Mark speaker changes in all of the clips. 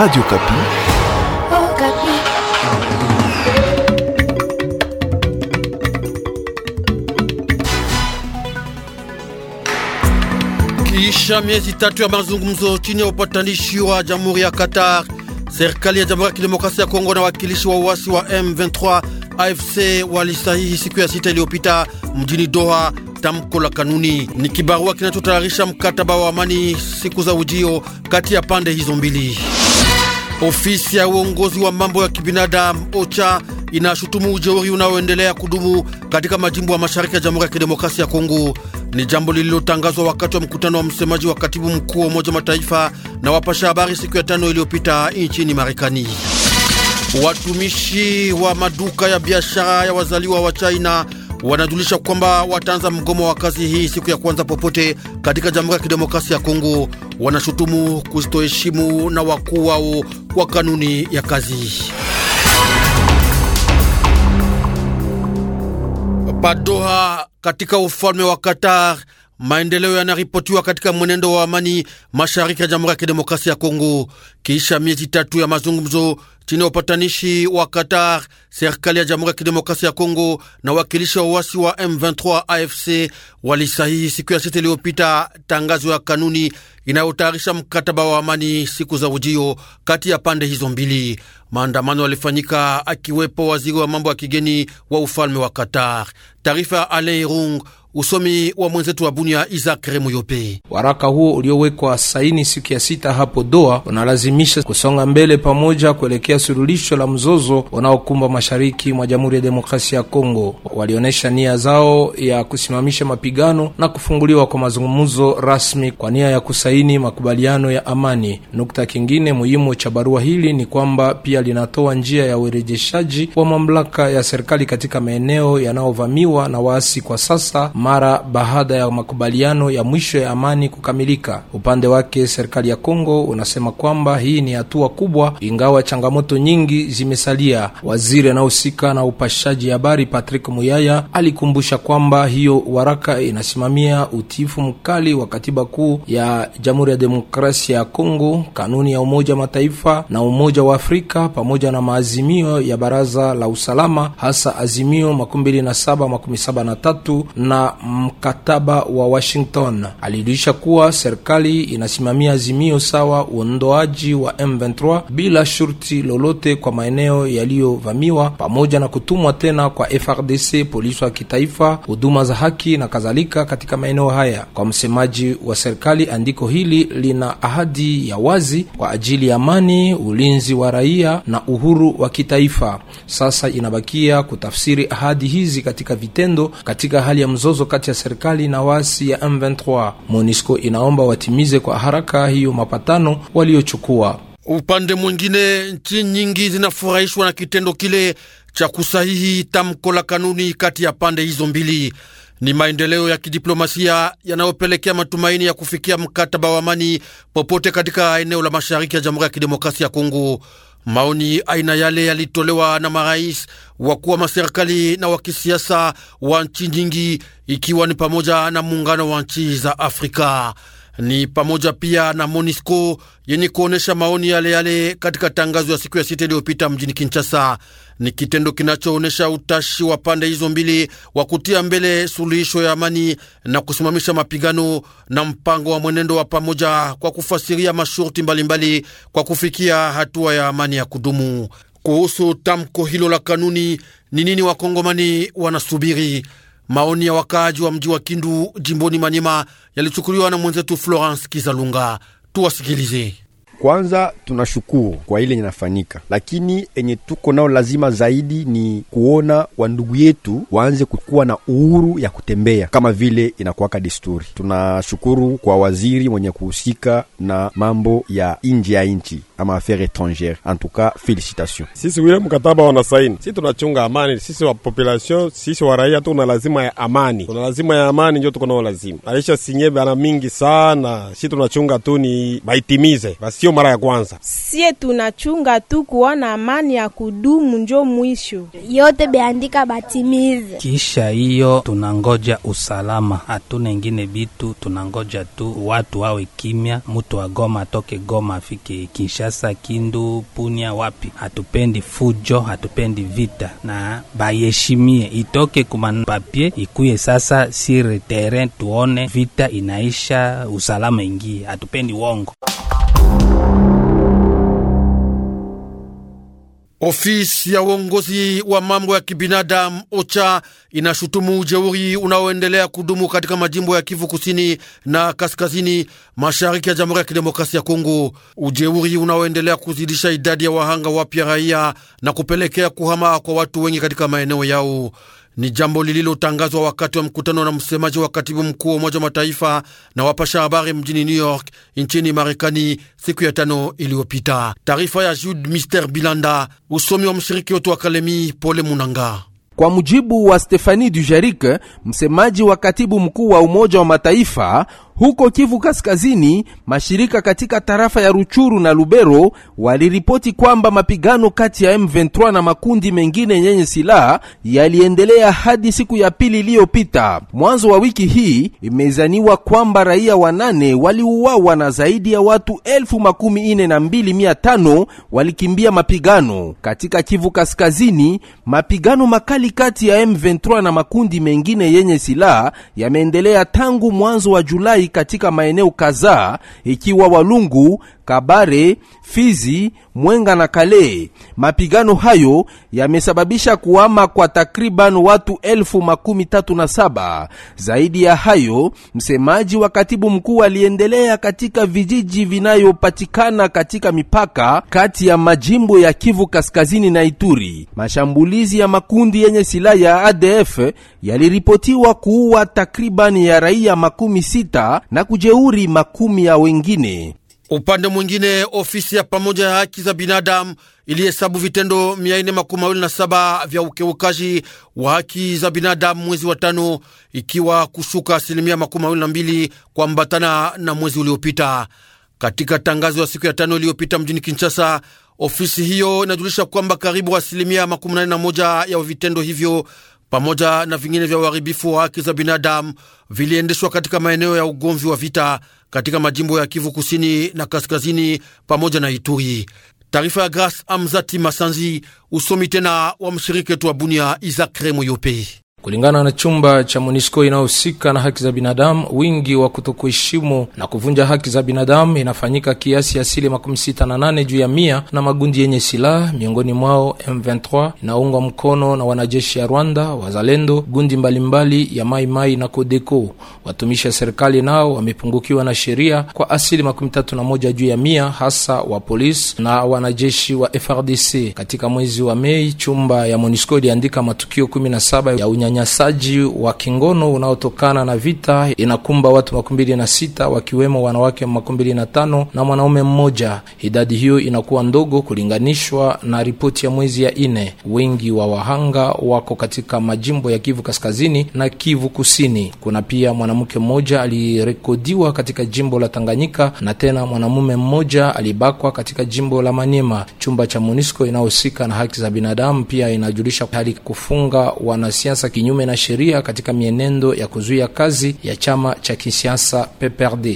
Speaker 1: Radio Kapi.
Speaker 2: Oh, Kapi.
Speaker 3: Kisha miezi tatu ya mazungumzo chini ya upatanishi wa Jamhuri ya Qatar, serikali ya Jamhuri ya Kidemokrasia ya Kongo na wakilishi wa uasi wa M23 AFC walisahihi siku ya sita iliyopita mjini Doha tamko la kanuni ni kibarua kinachotayarisha mkataba wa amani siku za ujio kati ya pande hizo mbili. Ofisi ya uongozi wa mambo ya kibinadamu OCHA inashutumu ujeuri unaoendelea kudumu katika majimbo ya mashariki ya Jamhuri ya Kidemokrasia ya Kongo. Ni jambo lililotangazwa wakati wa mkutano wa msemaji wa katibu mkuu wa Umoja Mataifa na wapasha habari siku ya tano iliyopita nchini Marekani. Watumishi wa maduka ya biashara ya wazaliwa wa China wanajulisha kwamba wataanza mgomo wa kazi hii siku ya kwanza popote katika Jamhuri ya Kidemokrasia ya Kongo. Wanashutumu kusitoheshimu na wakuu wao kwa kanuni ya kazi. Padoha katika ufalme wa Qatar maendeleo yanaripotiwa katika mwenendo wa amani mashariki ya Jamhuri ya Kidemokrasia ya Kongo kisha miezi tatu ya mazungumzo chini ya upatanishi wa Qatar, serikali ya Jamhuri ya Kidemokrasia ya Kongo na wakilishi wa uasi wa M23 AFC walisahihi siku ya sita iliyopita tangazo ya kanuni inayotayarisha mkataba wa amani siku za ujio kati ya pande hizo mbili. Maandamano yalifanyika akiwepo waziri wa mambo ya kigeni wa ufalme wa Qatar. Taarifa ya Alain Rung Usomi
Speaker 4: wa mwenzetu wa Bunia Isaac Remuyope. Waraka huo uliowekwa saini siku ya sita hapo Doha unalazimisha kusonga mbele pamoja kuelekea suluhisho la mzozo unaokumba mashariki mwa Jamhuri ya Demokrasia ya Kongo. Walionyesha nia zao ya kusimamisha mapigano na kufunguliwa kwa mazungumzo rasmi kwa nia ya kusaini makubaliano ya amani. Nukta kingine muhimu cha barua hili ni kwamba pia linatoa njia ya urejeshaji wa mamlaka ya serikali katika maeneo yanayovamiwa na waasi kwa sasa mara baada ya makubaliano ya mwisho ya amani kukamilika. Upande wake serikali ya Kongo unasema kwamba hii ni hatua kubwa, ingawa changamoto nyingi zimesalia. Waziri anahusika na upashaji habari Patrick Muyaya alikumbusha kwamba hiyo waraka inasimamia utiifu mkali wa katiba kuu ya Jamhuri ya Demokrasia ya Kongo, kanuni ya Umoja Mataifa na Umoja wa Afrika pamoja na maazimio ya Baraza la Usalama, hasa azimio makumi mbili na saba makumi saba na tatu na mkataba wa Washington. Alijulisha kuwa serikali inasimamia azimio sawa uondoaji wa M23 bila shurti lolote kwa maeneo yaliyovamiwa, pamoja na kutumwa tena kwa FRDC, polisi wa kitaifa, huduma za haki na kadhalika katika maeneo haya. Kwa msemaji wa serikali, andiko hili lina ahadi ya wazi kwa ajili ya amani, ulinzi wa raia na uhuru wa kitaifa. Sasa inabakia kutafsiri ahadi hizi katika vitendo katika hali ya mzozo mzozo kati ya serikali na waasi ya M23. MONUSCO inaomba watimize kwa haraka hiyo mapatano waliochukua.
Speaker 3: Upande mwingine, nchi nyingi zinafurahishwa na kitendo kile cha kusahihi tamko la kanuni kati ya pande hizo mbili. Ni maendeleo ya kidiplomasia yanayopelekea matumaini ya kufikia mkataba wa amani popote katika eneo la mashariki ya Jamhuri ya Kidemokrasia ya Kongo. Maoni aina yale yalitolewa na marais wakuu wa maserikali na wa kisiasa wa nchi nyingi, ikiwa ni pamoja na muungano wa nchi za Afrika ni pamoja pia na MONISCO yenye kuonyesha maoni yale yale katika tangazo ya siku ya sita iliyopita mjini Kinshasa. Ni kitendo kinachoonyesha utashi wa pande hizo mbili wa kutia mbele suluhisho ya amani na kusimamisha mapigano na mpango wa mwenendo wa pamoja kwa kufasiria masharti mbalimbali kwa kufikia hatua ya amani ya kudumu. Kuhusu tamko hilo la kanuni, ni nini wakongomani wanasubiri? Maoni ya wakaaji wa mji wa Kindu jimboni Manyema yalichukuliwa na mwenzetu Florence Kizalunga. Tuwasikilize. Kwanza tunashukuru kwa ile inafanyika, lakini enye tuko nao lazima zaidi ni kuona wandugu yetu waanze kukuwa na uhuru ya kutembea kama vile inakuwaka desturi. Tunashukuru kwa waziri mwenye kuhusika na mambo ya nje ya nchi ama affaire étrangère. En tout cas, félicitations.
Speaker 1: Sisi wile mkataba saini sisi tunachunga amani, sisi wa population, sisi wa raia, tuna lazima ya amani, tuna lazima ya amani, ndio tuko nao lazima. Alisha sinye bana mingi sana, sisi tunachunga tu ni baitimize basi, sio mara ya kwanza.
Speaker 2: Sie tunachunga tu kuona amani ya kudumu, njo mwisho yote beandika batimize.
Speaker 5: Kisha hiyo tunangoja usalama, hatuna ingine bitu, tunangoja tu watu wawe kimya, mutu wa Goma atoke Goma afike Kinshasa Kinshasa, Kindu, Punia, wapi. Hatupendi fujo, hatupendi vita, na bayeshimie itoke kumapapie ikuye sasa sire terrain, tuone vita inaisha, usalama ingie. Hatupendi wongo.
Speaker 3: Ofisi ya uongozi wa mambo ya kibinadamu OCHA inashutumu ujeuri unaoendelea kudumu katika majimbo ya Kivu Kusini na Kaskazini, mashariki ya Jamhuri ya Kidemokrasia ya Kongo, ujeuri unaoendelea kuzidisha idadi ya wahanga wapya raia na kupelekea kuhama kwa watu wengi katika maeneo yao ni jambo lililotangazwa wakati wa mkutano na msemaji wa katibu mkuu wa Umoja wa Mataifa na wapasha habari mjini New York nchini Marekani siku ya tano iliyopita. Taarifa ya Jude Mister Bilanda, usomi wa mshiriki wetu wa Kalemi, Pole
Speaker 5: Munanga. Kwa mujibu wa Stefani dujarik msemaji wa katibu mkuu wa Umoja wa Mataifa, huko Kivu Kaskazini, mashirika katika tarafa ya Ruchuru na Lubero waliripoti kwamba mapigano kati ya M23 na makundi mengine yenye silaha yaliendelea hadi siku ya pili iliyopita. Mwanzo wa wiki hii imezaniwa kwamba raia wanane waliuawa na zaidi ya watu elfu makumi ine na mbili mia tano walikimbia mapigano katika Kivu Kaskazini. Mapigano makali kati ya M23 na makundi mengine yenye silaha yameendelea tangu mwanzo wa Julai katika maeneo kadhaa, ikiwa Walungu Kabare, Fizi, Mwenga na Kale. Mapigano hayo yamesababisha kuama kwa takriban watu elfu makumi tatu na saba. Zaidi ya hayo, msemaji wa katibu mkuu aliendelea katika vijiji vinayopatikana katika mipaka kati ya majimbo ya Kivu Kaskazini na Ituri. Mashambulizi ya makundi yenye silaha ya ADF yaliripotiwa kuua takriban ya raia makumi sita na kujeuri makumi ya wengine.
Speaker 3: Upande mwingine, ofisi ya pamoja ya haki za binadamu ilihesabu vitendo 427 vya ukiukaji wa haki za binadamu mwezi wa tano, ikiwa kushuka asilimia 22 kuambatana na mwezi uliopita. Katika tangazo ya siku ya tano iliyopita mjini Kinshasa, ofisi hiyo inajulisha kwamba karibu asilimia 81 ya vitendo hivyo pamoja na vingine vya uharibifu wa haki za binadamu viliendeshwa katika maeneo ya ugomvi wa vita katika majimbo ya Kivu Kusini na Kaskazini
Speaker 4: pamoja na Ituri.
Speaker 3: Taarifa ya Gras Amzati Masanzi, usomi tena wa mshiriki
Speaker 4: wetu wa Bunia Isaac Remoyope. Kulingana na chumba cha monisco inayohusika na haki za binadamu, wingi wa kutokuheshimu na kuvunja haki za binadamu inafanyika kiasi ya asili makumi sita na nane juu ya mia na magundi yenye silaha, miongoni mwao M23 inaungwa mkono na wanajeshi ya Rwanda, wazalendo, gundi mbalimbali mbali ya maimai mai na Kodeko. Watumishi wa serikali nao wamepungukiwa na sheria kwa asili makumi tatu na moja juu ya mia, hasa wa polisi na wanajeshi wa FRDC. Katika mwezi wa Mei, chumba ya monisco iliandika matukio 17 ya unya unyanyasaji wa kingono unaotokana na vita inakumba watu makumi mbili na sita wakiwemo wanawake makumi mbili na tano na mwanaume mmoja. Idadi hiyo inakuwa ndogo kulinganishwa na ripoti ya mwezi ya ine. Wengi wa wahanga wako katika majimbo ya Kivu Kaskazini na Kivu Kusini. Kuna pia mwanamke mmoja alirekodiwa katika jimbo la Tanganyika na tena mwanamume mmoja alibakwa katika jimbo la Maniema. Chumba cha MONUSCO inayohusika na haki za binadamu pia inajulisha hali kufunga wanasiasa kinyume na sheria katika mienendo ya kuzuia kazi ya chama cha kisiasa PPRD.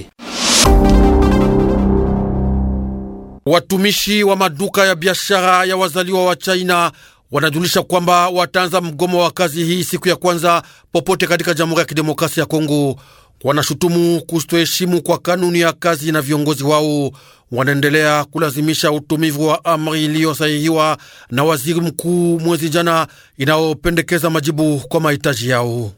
Speaker 3: Watumishi wa maduka ya biashara ya wazaliwa wa China wanajulisha kwamba wataanza mgomo wa kazi hii siku ya kwanza popote katika Jamhuri ya Kidemokrasia ya Kongo wanashutumu kustoheshimu kwa kanuni ya kazi na viongozi wao wanaendelea kulazimisha utumivu wa amri iliyosahihiwa na waziri mkuu mwezi jana inayopendekeza majibu kwa mahitaji yao.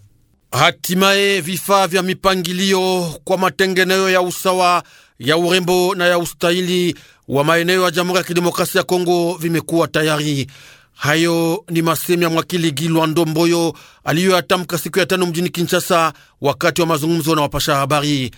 Speaker 3: Hatimaye, vifaa vya mipangilio kwa matengenezo ya usawa ya urembo na ya ustahili wa maeneo ya Jamhuri ya Kidemokrasia ya Kongo vimekuwa tayari. Hayo ni masemi ya mwakili Gilwa Ndomboyo aliyoyatamka siku ya tano mjini Kinshasa wakati wa mazungumzo na wapasha habari.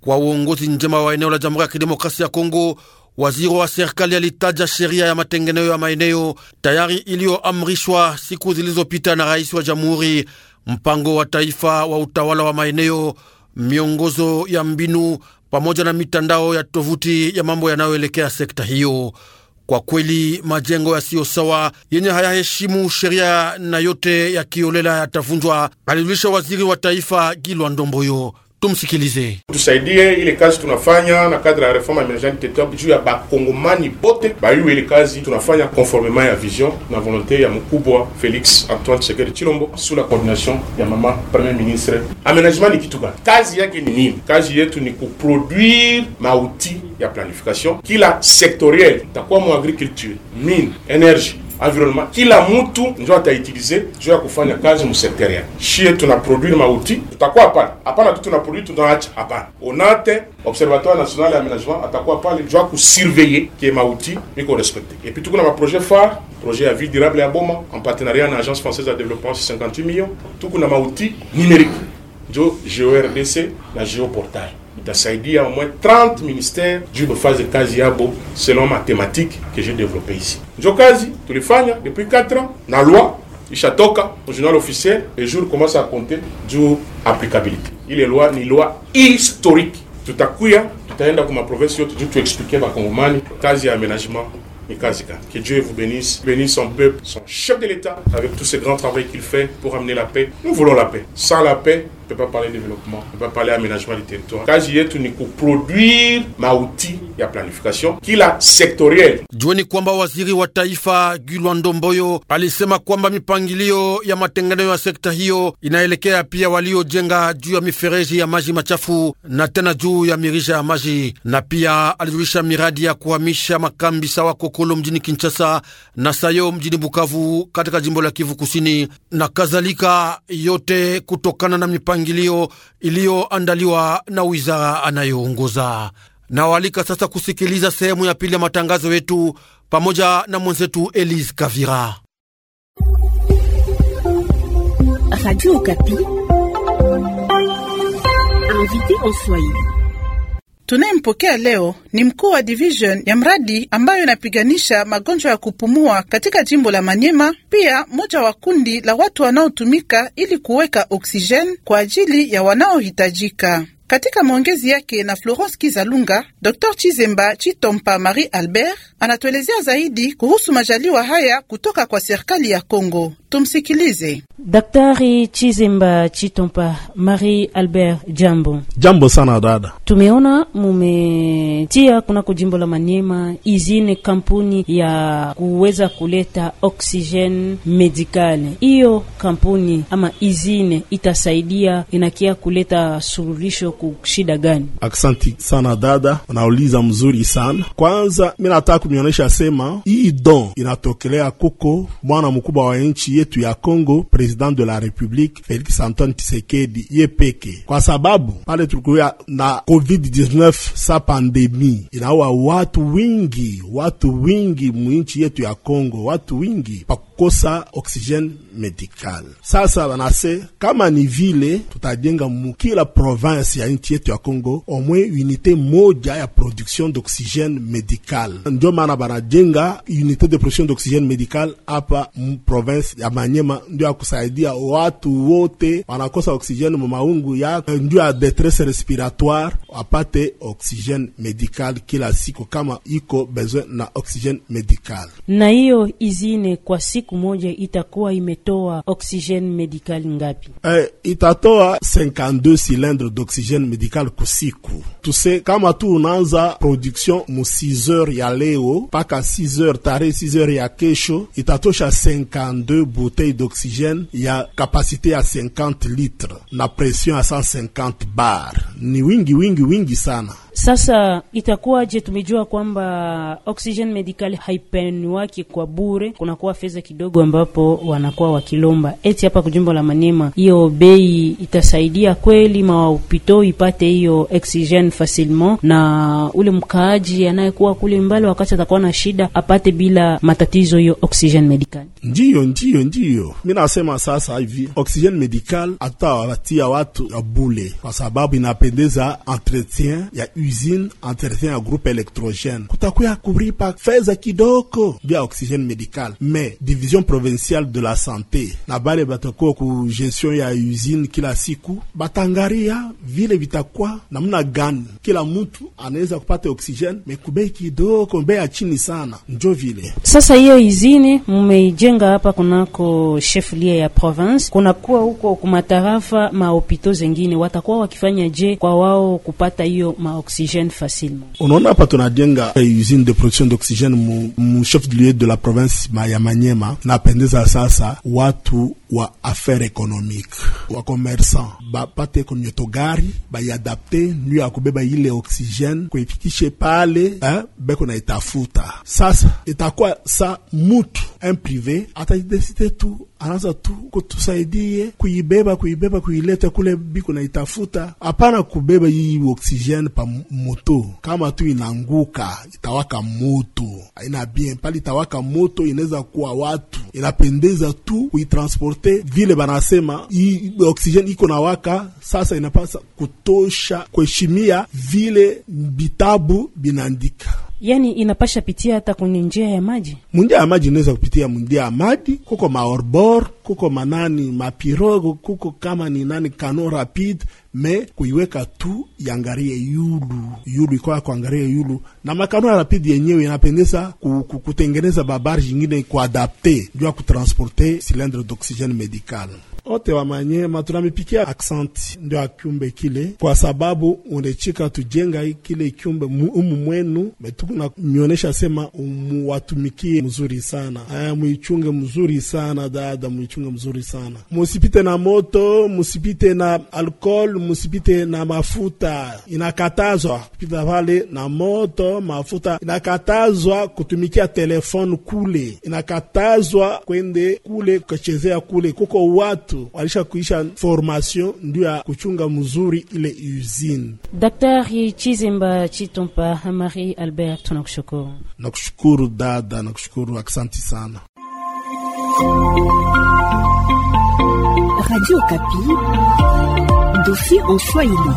Speaker 3: Kwa uongozi njema wa eneo la Jamhuri ya Kidemokrasia ya Kongo, waziri wa serikali alitaja sheria ya matengenezo ya maeneo tayari iliyoamrishwa siku zilizopita na rais wa jamhuri, mpango wa taifa wa utawala wa maeneo, miongozo ya mbinu pamoja na mitandao ya tovuti ya mambo yanayoelekea sekta hiyo. Kwa kweli majengo yasiyo sawa yenye hayaheshimu sheria na yote yakiolela yatavunjwa, alijulisha waziri wa taifa Gilwa Ndomboyo. tumsikilize.
Speaker 6: Tusaidie ile kazi tunafanya na kadra aménagement tunafanya conformément vision na volonté ya Felix Antoine Tshisekedi Tshilombo sous la coordination ya mama premier ministre. Aménagement ni Kazi yake ni Kazi yetu ni ya planification kila sektoriel, takuwa mu agriculture, mine, energie environment kila mtu njo case juu ya kufanya kazi msekteria. tu tuna produit mauti, tutakuwa pale. Hapana tu tuna produit On a Onate Observatoire National ya Aménagement atakuwa pale surveiller qui kusurveiller ke mais qu'on respecte. Et puis tout tuko na projet phare projet à vie durable ya Boma en partenariat avec l'Agence Française de Développement 58 millions. Tout Tuko na mauti numérique njo GORDC la géoportage a au moins 30 ministères juu phase de selon mathématique que j'ai développé ici. Njo kazi tulifanya depuis 4 ans la loi ishatoka au journal officiel et jour commence à compter du applicabilité. est loi ni loi historique. Tutakuya tutaenda kuma province yote juu expliquer bakongomani kazi ya aménagement que Dieu vous bénisse, bénisse son peuple, son chef de l'État, avec tous ces grands travaux qu'il fait pour amener la paix. Nous voulons la paix. Sans la paix, ne peut pas parler de développement, on ne peut pas parler aménagement du territoire. Quand Kazi yetu ni kuproduire mauti ya planification qui la sectorielle.
Speaker 3: Jueni kwamba waziri wa taifa Gilwa Ndomboyo alisema kwamba mipangilio ya matengenezo ya sekta hiyo inaelekea pia waliojenga juu ya mifereji ya maji machafu na tena juu ya mirija ya maji, na pia alijulisha miradi ya kuhamisha makambi sawa Kokolo mjini Kinshasa na Sayo mjini Bukavu katika jimbo la Kivu Kusini na kadhalika, yote kutokana na mipangilio mipangilio iliyoandaliwa na wizara anayoongoza. Nawaalika sasa kusikiliza sehemu ya pili ya matangazo yetu pamoja na mwenzetu Elise Kavira.
Speaker 7: Radio Okapi invité en Swahili. Tunayempokea leo ni mkuu wa division ya mradi ambayo inapiganisha magonjwa ya kupumua katika jimbo la Manyema, pia moja wa kundi la watu wanaotumika ili kuweka oksijeni kwa ajili ya wanaohitajika. Katika maongezi yake na Florence Kizalunga, Dr Chizemba Chitompa Marie Albert anatuelezea zaidi kuhusu majaliwa haya kutoka kwa serikali ya congo Tumsikilize
Speaker 2: Daktari Chizimba Chitompa Marie Albert. Jambo,
Speaker 1: jambo sana dada.
Speaker 2: Tumeona mumetia kunako jimbo la Manyema izine kampuni ya kuweza kuleta oksijeni medikale. Hiyo kampuni ama izine itasaidia inakia kuleta suluhisho kushida gani?
Speaker 1: Aksanti sana dada, unauliza mzuri sana. Kwanza mi nataka kunionyesha sema hii don inatokelea kuko mwana mkubwa wa nchi yetu ya congo president de la Republique Felix Antoine Tshisekedi ye peke, kwa sababu pale tulikuwa na COVID-19, sa pandemi inaua watu wingi, watu wingi mwinchi yetu ya congo watu wingi pa kukosa oksijeni medikali. Sasa wanase kama ni vile tutajenga mukila province ya nchi yetu ya congo omwe unité moja ya production d'oksijeni medikali, ndio maana banajenga unité de production d'oksijeni medikali hapa province ya Manyema, ndio ya kusaidia watu wote wanakosa oksijeni mumaungu ya ndio ya detresse respiratoire wapate oksijeni medikali kila siku, kama iko besoin na oksijeni medikali
Speaker 2: na hiyo izine kwa siku siku moja itakuwa imetoa oksijeni medikali ngapi?
Speaker 1: Eh, itatoa 52 silindre d'oksijeni medikali kusiku. Tuse kama tu unaanza production mu 6 heures ya leo mpaka 6 heures tare 6 heures ya kesho, itatosha 52 bouteille d'oksijeni ya kapasite ya 50 litre na pression ya 150 bar. Ni wingi wingi wingi sana.
Speaker 2: Sasa itakuwaje? Tumejua kwamba oxygen medical haipeniwaki kwa bure, kunakuwa fedha kidogo ambapo wanakuwa wakilomba eti hapa kujumba la Manema. Hiyo bei itasaidia kweli mawapito ipate hiyo oxygen facilement, na ule mkaaji anayekuwa kule mbali, wakati atakuwa na shida, apate bila matatizo hiyo oxygen medical. Ndiyo, ndiyo, ndiyo,
Speaker 1: mimi nasema sasa hivi oxygen medical hata watu ya bule, kwa sababu inapendeza entretien ya usine entretien ya groupe électrogène kutakuya kulipa feza kidoko vya oxygène médical me division provinciale de la santé na bale batakuwa ku gestion ya usine kila siku batangaria vile vitakuwa namuna gani, kila mutu anaweza kupata mais kubei kidoko mbe ya chini sana. Njo vile
Speaker 2: sasa hiyo usine mmeijenga hapa kunako cheflia ya province, kunakuwa huko kumatarafa mahopito zengine watakuwa wakifanya je kwa wao kupata hiyo maoksijeni? facilement.
Speaker 1: On en a une usine de production d'oxygène Mon chef de lieu de la province ma ya Manyema na ça. sasa watu wa affaire économique wa commerçant bapate kunyoto-gari baiadapte nyu ya kubeba ile oksijeni kuifikishe pale eh, beko na itafuta sasa. Itakuwa sa mutu un prive atajideside tu anaza tu kutusaidie eh, kuibeba kuibeba kuileta kule biko na itafuta, hapana kubeba hii oksijeni pa moto. Kama tu inanguka itawaka moto, aina bien pale itawaka moto, inaweza kuwa watu inapendeza tu kuitransporta porte vile banasema hii oksijeni iko na waka sasa, inapasa kutosha kuheshimia vile vitabu binaandika
Speaker 2: Yani inapasha pitia hata kwenye njia ya maji,
Speaker 1: munjia ya maji inaweza kupitia munjia ya maji, kuko maorbor, kuko manani mapirogo, kuko kama ni nani kano rapide me kuiweka tu yangarie yulu yulu ikoya kuangaria yulu na makano ya rapidi yenyewe inapendeza kutengeneza babari jingine kuadapte juu ya kutransporte silindre d'oxygene medical ote wamanyema tunamipikia accent ndio ya kiumbe kile, kwa sababu unechika tujenga kile kiumbe umu mwenu na mionesha sema muwatumikie mzuri sana. Aya, muichunge mzuri sana dada, muichunge mzuri sana, musipite na moto, musipite na alkohol msipite na mafuta, inakatazwa kupita pale na moto mafuta, inakatazwa kutumikia telefoni kule, inakatazwa kwende kule kuchezea kule. Kuko watu walisha kuisha formation ndio ya kuchunga mzuri ile usine.
Speaker 2: Daktari Chizimba Chitumpa Marie Albert, tunakushukuru.
Speaker 1: Nakushukuru dada, nakushukuru, aksanti sana.
Speaker 7: Radio Kapi. Dofi en Swahili.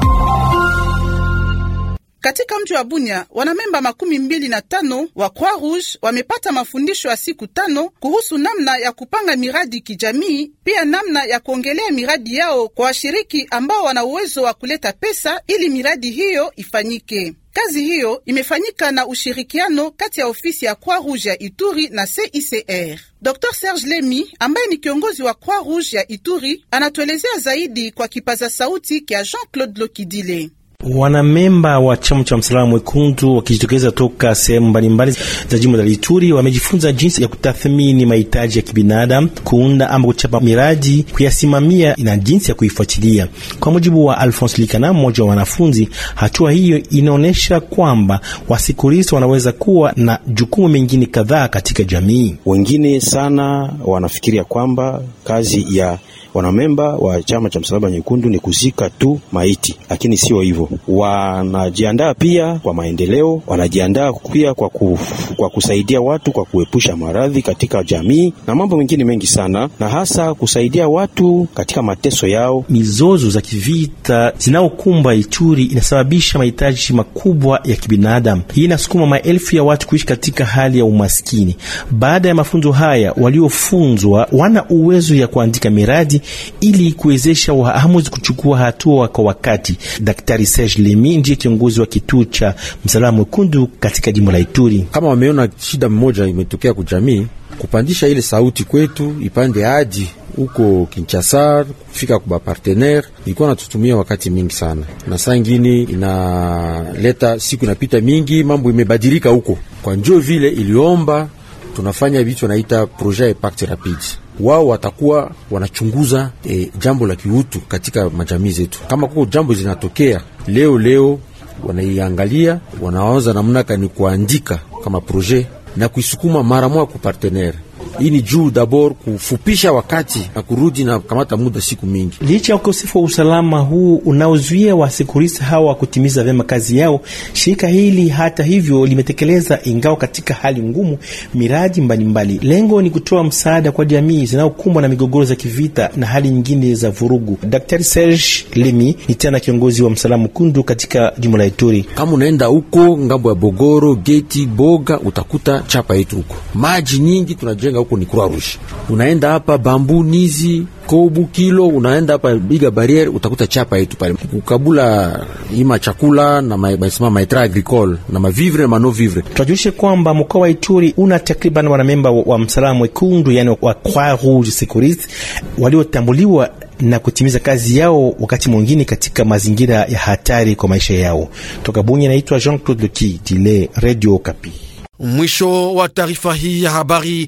Speaker 7: Katika mji wa Bunya wanamemba makumi mbili na tano wa Croix Rouge wamepata mafundisho ya siku tano kuhusu namna ya kupanga miradi kijamii, pia namna ya kuongelea miradi yao kwa washiriki ambao wana uwezo wa kuleta pesa ili miradi hiyo ifanyike. Kazi hiyo imefanyika na ushirikiano kati ya ofisi ya Croix Rouge ya Ituri na CICR. Dr Serge Lemi ambaye ni kiongozi wa Croix Rouge ya Ituri anatuelezea zaidi kwa kipaza sauti kya Jean-Claude Lokidile.
Speaker 8: Wanamemba wa chama cha msalaba mwekundu wakijitokeza toka sehemu mbalimbali za jimbo la Ituri wamejifunza jinsi ya kutathmini mahitaji ya kibinadamu, kuunda ama kuchapa miradi, kuyasimamia na jinsi ya kuifuatilia. Kwa mujibu wa Alphonse Likana, mmoja wa wanafunzi, hatua hiyo inaonyesha kwamba Wasikuristo wanaweza kuwa na jukumu mengine kadhaa katika jamii. Wengine sana wanafikiria kwamba kazi ya wanamemba wa chama cha Msalaba Nyekundu ni kuzika tu maiti, lakini sio hivyo. Wanajiandaa pia kwa maendeleo, wanajiandaa pia kwa, ku, kwa kusaidia watu kwa kuepusha maradhi katika jamii na mambo mengine mengi sana, na hasa kusaidia watu katika mateso yao. Mizozo za kivita zinaokumba Ituri inasababisha mahitaji makubwa ya kibinadamu. Hii inasukuma maelfu ya watu kuishi katika hali ya umaskini. Baada ya mafunzo haya, waliofunzwa wana uwezo ya kuandika miradi ili kuwezesha wahamuzi kuchukua hatua kwa wakati. Daktari Serge Lemi ndiye kiongozi wa kituo cha Msalaba Mwekundu katika jimbo la Ituri. Kama
Speaker 9: wameona shida mmoja imetokea kujamii, kupandisha ile sauti kwetu ipande hadi huko Kinshasa kufika kwa partenaire ilikuwa natutumia wakati mingi sana, na saa ingine inaleta siku inapita mingi, mambo imebadilika huko kwa njoo vile iliomba tunafanya vitu naita projet ya impact rapide. Wao watakuwa wanachunguza e, jambo la kiutu katika majamii zetu. Kama kuko jambo zinatokea leo leo, wanaiangalia wanawaza namna kani kuandika kama projet na kuisukuma mara moja kwa partenaire hii ni juu dabor kufupisha wakati na kurudi na kamata muda siku mingi.
Speaker 8: Licha ya ukosefu wa usalama huu unaozuia wasekurisi hawa kutimiza vyema kazi yao, shirika hili hata hivyo limetekeleza, ingawa katika hali ngumu, miradi mbalimbali mbali. Lengo ni kutoa msaada kwa jamii zinazokumbwa na migogoro za kivita na hali nyingine za vurugu. Daktari Serge Lemi ni tena kiongozi wa msalamu kundu katika jimbo la Ituri.
Speaker 9: Kama unaenda huko ngambo ya Bogoro, Geti, Boga utakuta chapa yetu huko, maji nyingi tunajenga huko ni Croix Rouge. Unaenda hapa Bambu, Nizi, Kobu, Kilo, unaenda hapa Biga Barriere utakuta chapa yetu pale. Kukabula
Speaker 8: ima chakula na maisema maitra agricole na mavivre na mano vivre. Tujulishe kwamba mkoa wa Ituri una takriban wanamemba wa, wa msalaba mwekundu yani wa Croix Rouge Securite waliotambuliwa na kutimiza kazi yao wakati mwingine katika mazingira ya hatari kwa maisha yao. Toka Bunya, naitwa Jean-Claude Lequi, dile Radio Kapi.
Speaker 3: Mwisho wa taarifa hii ya habari.